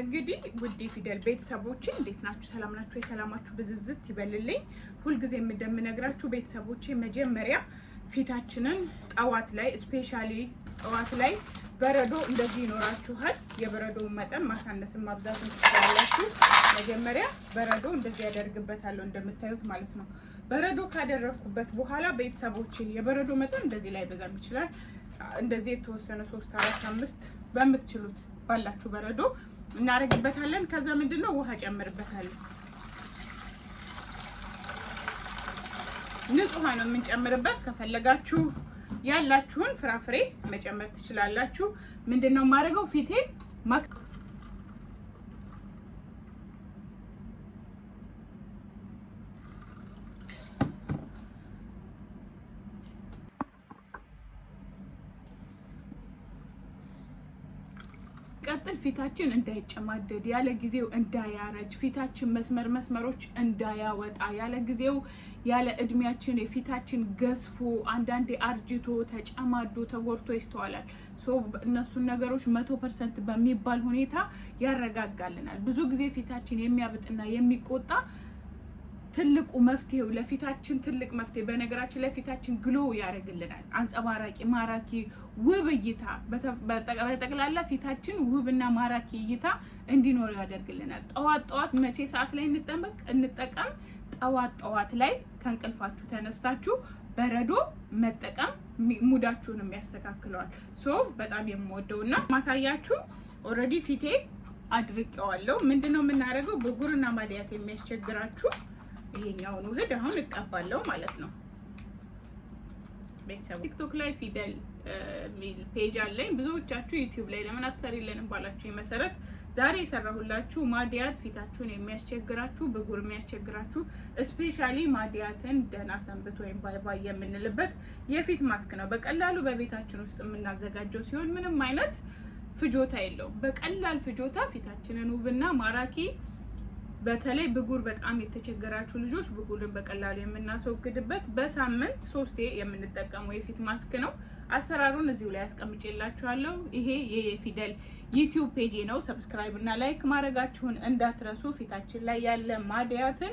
እንግዲህ ውድ ፊደል ቤተሰቦች እንዴት ናችሁ? ሰላም ናችሁ? የሰላማችሁ ብዝዝት ይበልልኝ። ሁልጊዜ እንደምነግራችሁ ቤተሰቦቼ መጀመሪያ ፊታችንን ጠዋት ላይ ስፔሻሊ ጠዋት ላይ በረዶ እንደዚህ ይኖራችኋል። የበረዶውን መጠን ማሳነስን ማብዛትን ትችላላችሁ። መጀመሪያ በረዶ እንደዚህ ያደርግበታለሁ እንደምታዩት ማለት ነው። በረዶ ካደረግኩበት በኋላ ቤተሰቦቼ የበረዶ መጠን እንደዚህ ላይ በዛም ይችላል። እንደዚህ የተወሰነ ሶስት አራት አምስት በምትችሉት ባላችሁ በረዶ እናደርግበታለን። ከዛ ምንድን ነው ውሃ ጨምርበታለን። ንጹህ ውሃ ነው የምንጨምርበት። ከፈለጋችሁ ያላችሁን ፍራፍሬ መጨመር ትችላላችሁ። ምንድን ነው የማደርገው ፊቴን በመቀጠል ፊታችን እንዳይጨማደድ ያለ ጊዜው እንዳያረጅ ፊታችን መስመር መስመሮች እንዳያወጣ ያለ ጊዜው ያለ እድሜያችን የፊታችን ገዝፎ አንዳንዴ አርጅቶ ተጨማዶ ተጎድቶ ይስተዋላል። እነሱን ነገሮች መቶ ፐርሰንት በሚባል ሁኔታ ያረጋጋልናል። ብዙ ጊዜ ፊታችን የሚያብጥና የሚቆጣ ትልቁ መፍትሄው ለፊታችን ትልቅ መፍትሄ በነገራችን ለፊታችን ግሎ ያደርግልናል። አንጸባራቂ ማራኪ ውብ እይታ በጠቅላላ ፊታችን ውብና ማራኪ እይታ እንዲኖር ያደርግልናል። ጠዋት ጠዋት መቼ ሰዓት ላይ እንጠበቅ እንጠቀም? ጠዋት ጠዋት ላይ ከእንቅልፋችሁ ተነስታችሁ በረዶ መጠቀም ሙዳችሁንም ያስተካክለዋል። ሶ በጣም የምወደው እና ማሳያችሁ ኦልሬዲ ፊቴ አድርቄዋለሁ። ምንድነው የምናደርገው ብጉርና ማድያት የሚያስቸግራችሁ ይሄኛውን ውህድ አሁን እቀባለሁ ማለት ነው። ቤተሰብ ቲክቶክ ላይ ፊደል ሚል ፔጅ አለኝ። ብዙዎቻችሁ ዩቲዩብ ላይ ለምን አትሰሪልንም ባላችሁ መሰረት ዛሬ የሰራሁላችሁ ማዲያት ፊታችሁን የሚያስቸግራችሁ ብጉር የሚያስቸግራችሁ ስፔሻሊ ማዲያትን ደህና ሰንብት ወይም ባይባይ የምንልበት የፊት ማስክ ነው። በቀላሉ በቤታችን ውስጥ የምናዘጋጀው ሲሆን ምንም አይነት ፍጆታ የለውም። በቀላል ፍጆታ ፊታችንን ውብና ማራኪ በተለይ ብጉር በጣም የተቸገራችሁ ልጆች ብጉርን በቀላሉ የምናስወግድበት በሳምንት ሶስቴ የምንጠቀመው የፊት ማስክ ነው። አሰራሩን እዚሁ ላይ አስቀምጬላችኋለሁ። ይሄ የፊደል ዩቲዩብ ፔጅ ነው። ሰብስክራይብ እና ላይክ ማድረጋችሁን እንዳትረሱ። ፊታችን ላይ ያለ ማድያትን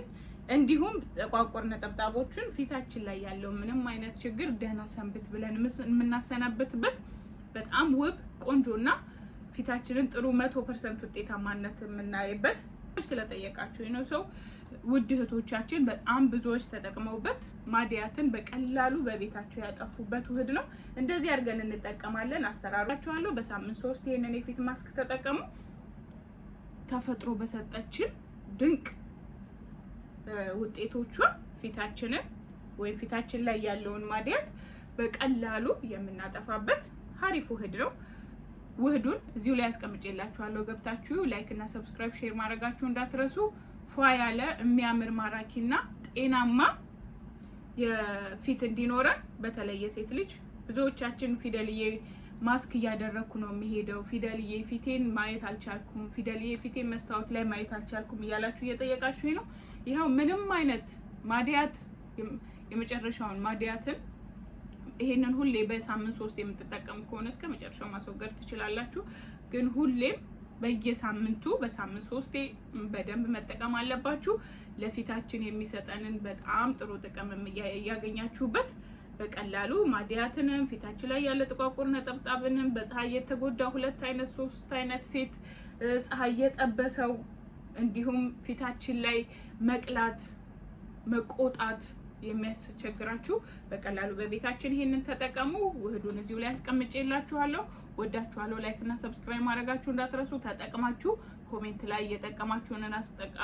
እንዲሁም ጠቋቁር ነጠብጣቦችን ፊታችን ላይ ያለው ምንም አይነት ችግር ደህና ሰንብት ብለን የምናሰናበትበት በጣም ውብ ቆንጆና ፊታችንን ጥሩ መቶ ፐርሰንት ውጤታማነት የምናይበት ስለጠየቃችሁ ነው። ሰው ውድ እህቶቻችን በጣም ብዙዎች ተጠቅመውበት ማዲያትን በቀላሉ በቤታቸው ያጠፉበት ውህድ ነው። እንደዚህ አድርገን እንጠቀማለን። አሰራራችኋለሁ። በሳምንት ሶስት ይህንን የፊት ማስክ ተጠቀሙ። ተፈጥሮ በሰጠችን ድንቅ ውጤቶቿ ፊታችንን ወይም ፊታችን ላይ ያለውን ማዲያት በቀላሉ የምናጠፋበት ሀሪፍ ውህድ ነው። ውህዱን እዚሁ ላይ አስቀምጬላችኋለሁ። ገብታችሁ ላይክ እና ሰብስክራይብ ሼር ማድረጋችሁ እንዳትረሱ። ፏ ያለ የሚያምር ማራኪና ጤናማ የፊት እንዲኖረን በተለይ የሴት ልጅ ብዙዎቻችን ፊደልዬ ማስክ እያደረግኩ ነው የሚሄደው፣ ፊደልዬ ፊቴን ማየት አልቻልኩም፣ ፊደልዬ ፊቴን መስታወት ላይ ማየት አልቻልኩም እያላችሁ እየጠየቃችሁ ነው። ይኸው ምንም አይነት ማዲያት የመጨረሻውን ማዲያትን። ይሄንን ሁሌ በሳምንት ሶስት የምትጠቀሙ ከሆነ እስከ መጨረሻው ማስወገድ ትችላላችሁ። ግን ሁሌም በየሳምንቱ በሳምንት ሶስቴ በደንብ መጠቀም አለባችሁ። ለፊታችን የሚሰጠንን በጣም ጥሩ ጥቅም እያገኛችሁበት በቀላሉ ማዲያትንም ፊታችን ላይ ያለ ጥቋቁር ነጠብጣብንም በፀሐይ የተጎዳ ሁለት አይነት ሶስት አይነት ፊት ፀሐይ የጠበሰው እንዲሁም ፊታችን ላይ መቅላት መቆጣት የሚያስቸግራችሁ በቀላሉ በቤታችን ይሄንን ተጠቀሙ። ውህዱን እዚሁ ላይ አስቀምጬላችኋለሁ። ወዳችኋለሁ። ላይክ እና ሰብስክራይብ ማድረጋችሁ እንዳትረሱ። ተጠቅማችሁ ኮሜንት ላይ እየጠቀማችሁንን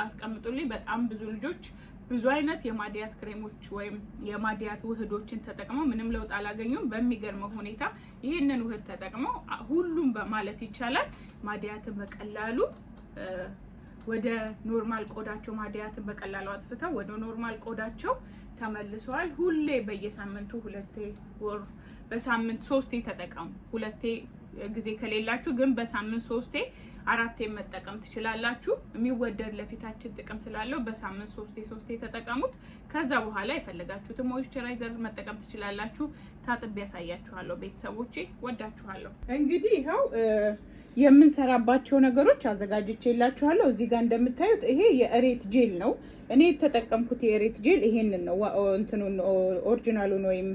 አስቀምጡልኝ። በጣም ብዙ ልጆች ብዙ አይነት የማዲያት ክሬሞች ወይም የማዲያት ውህዶችን ተጠቅመው ምንም ለውጥ አላገኙም። በሚገርመው ሁኔታ ይህንን ውህድ ተጠቅመው ሁሉም በማለት ይቻላል ማዲያትን በቀላሉ ወደ ኖርማል ቆዳቸው ማዲያትን በቀላሉ አጥፍተው ወደ ኖርማል ቆዳቸው ተመልሰዋል። ሁሌ በየሳምንቱ ሁለቴ ወር በሳምንት ሶስቴ ተጠቀሙ። ሁለቴ ጊዜ ከሌላችሁ ግን በሳምንት ሶስቴ አራቴ መጠቀም ትችላላችሁ። የሚወደድ ለፊታችን ጥቅም ስላለው በሳምንት ሶስቴ ሶስቴ ተጠቀሙት። ከዛ በኋላ የፈለጋችሁትን ሞይስቸራይዘር መጠቀም ትችላላችሁ። ታጥቤ ያሳያችኋለሁ። ቤተሰቦቼ ወዳችኋለሁ። እንግዲህ ይኸው የምንሰራባቸው ነገሮች አዘጋጅቼላችኋለሁ። እዚህ ጋር እንደምታዩት ይሄ የእሬት ጄል ነው። እኔ የተጠቀምኩት የእሬት ጄል ይሄንን ነው። እንትኑን ኦሪጂናሉን ወይም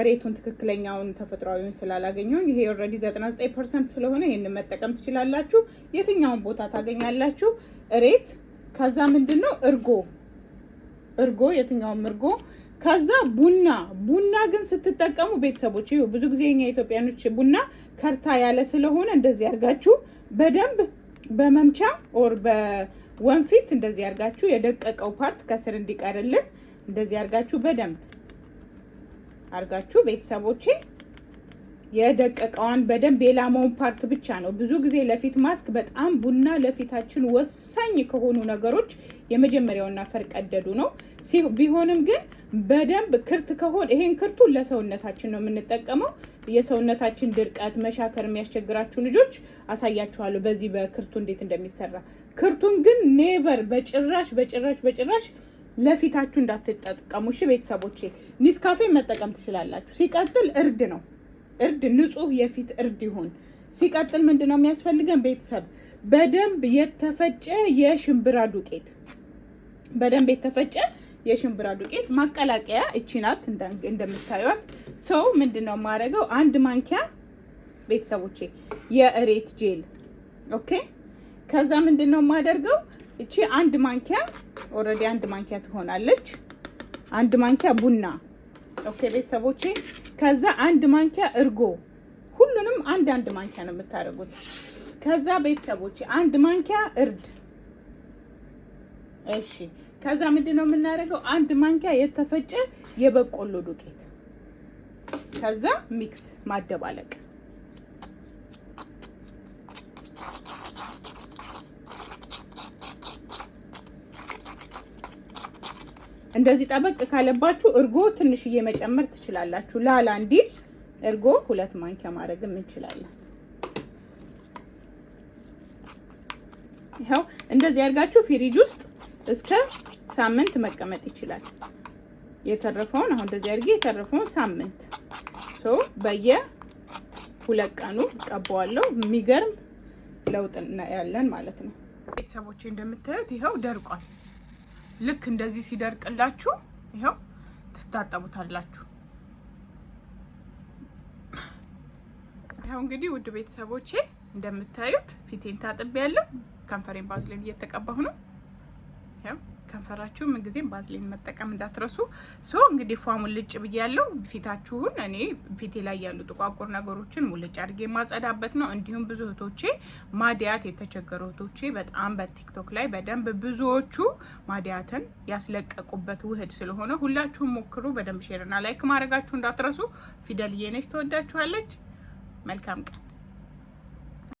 እሬቱን ትክክለኛውን ተፈጥሯዊውን ስላላገኘውን ይሄ ኦልሬዲ 99 ፐርሰንት ስለሆነ ይህንን መጠቀም ትችላላችሁ። የትኛውን ቦታ ታገኛላችሁ እሬት። ከዛ ምንድን ነው እርጎ እርጎ የትኛውም እርጎ ከዛ ቡና ቡና ግን ስትጠቀሙ ቤተሰቦች ይኸው ብዙ ጊዜ የኛ ኢትዮጵያኖች ቡና ከርታ ያለ ስለሆነ እንደዚህ አርጋችሁ በደንብ በመምቻ ኦር በወንፊት እንደዚህ አርጋችሁ የደቀቀው ፓርት ከስር እንዲቀርልን እንደዚህ አርጋችሁ በደንብ አርጋችሁ ቤተሰቦቼ የደቀቀዋን በደንብ የላመውን ፓርት ብቻ ነው። ብዙ ጊዜ ለፊት ማስክ በጣም ቡና ለፊታችን ወሳኝ ከሆኑ ነገሮች የመጀመሪያውና ፈርቀደዱ ነው። ቢሆንም ግን በደንብ ክርት ከሆን ይሄን ክርቱ ለሰውነታችን ነው የምንጠቀመው። የሰውነታችን ድርቀት፣ መሻከር የሚያስቸግራችሁ ልጆች አሳያችኋለሁ በዚህ በክርቱ እንዴት እንደሚሰራ። ክርቱን ግን ኔቨር በጭራሽ በጭራሽ በጭራሽ ለፊታችሁ እንዳትጠቀሙ እሺ ቤተሰቦቼ። ኒስካፌ መጠቀም ትችላላችሁ። ሲቀጥል እርድ ነው። እርድ ንጹህ የፊት እርድ ይሁን። ሲቀጥል ምንድን ነው የሚያስፈልገን ቤተሰብ? በደንብ የተፈጨ የሽምብራ ዱቄት በደንብ የተፈጨ የሽምብራ ዱቄት ማቀላቀያ እቺ ናት። እንደምታዩት ሰው ምንድነው የማደርገው አንድ ማንኪያ ቤተሰቦቼ የእሬት ጄል ኦኬ። ከዛ ምንድነው የማደርገው እቺ አንድ ማንኪያ ኦልሬዲ አንድ ማንኪያ ትሆናለች። አንድ ማንኪያ ቡና ኦኬ ቤተሰቦቼ። ከዛ አንድ ማንኪያ እርጎ ሁሉንም አንድ አንድ ማንኪያ ነው የምታደርጉት። ከዛ ቤተሰቦቼ አንድ ማንኪያ እርድ እሺ ከዛ ምንድን ነው የምናደርገው? አንድ ማንኪያ የተፈጨ የበቆሎ ዱቄት ከዛ ሚክስ ማደባለቅ እንደዚህ ጠበቅ ካለባችሁ እርጎ ትንሽዬ መጨመር ትችላላችሁ። ላላ እንዲል እርጎ ሁለት ማንኪያ ማድረግም እንችላለን። ይኸው እንደዚህ አድርጋችሁ ፍሪጅ ውስጥ እስከ ሳምንት መቀመጥ ይችላል። የተረፈውን አሁን እንደዚህ አድርጌ የተረፈውን ሳምንት ሰው በየ ሁለት ቀኑ ቀባዋለሁ። የሚገርም ለውጥ ያለን ማለት ነው። ቤተሰቦቼ እንደምታዩት ይኸው ደርቋል። ልክ እንደዚህ ሲደርቅላችሁ ይኸው ትታጠቡታላችሁ። ይኸው እንግዲህ ውድ ቤተሰቦቼ እንደምታዩት ፊቴን ታጥቤያለሁ። ከንፈሬን ባዝሊን እየተቀባሁ ነው። ያው ከንፈራችሁ ምን ጊዜም ባዝሊን መጠቀም እንዳትረሱ። ሶ እንግዲህ ፏ ሙልጭ ብያለው። ፊታችሁን እኔ ፊቴ ላይ ያሉ ጥቋቁር ነገሮችን ሙልጭ አድርጌ የማጸዳበት ነው። እንዲሁም ብዙ እህቶቼ ማዲያት የተቸገሩ እህቶቼ በጣም በቲክቶክ ላይ በደንብ ብዙዎቹ ማዲያትን ያስለቀቁበት ውህድ ስለሆነ ሁላችሁም ሞክሩ። በደንብ ሼርና ላይክ ማድረጋችሁ እንዳትረሱ። ፊደልዬ ነች፣ ትወዳችኋለች። መልካም ቀን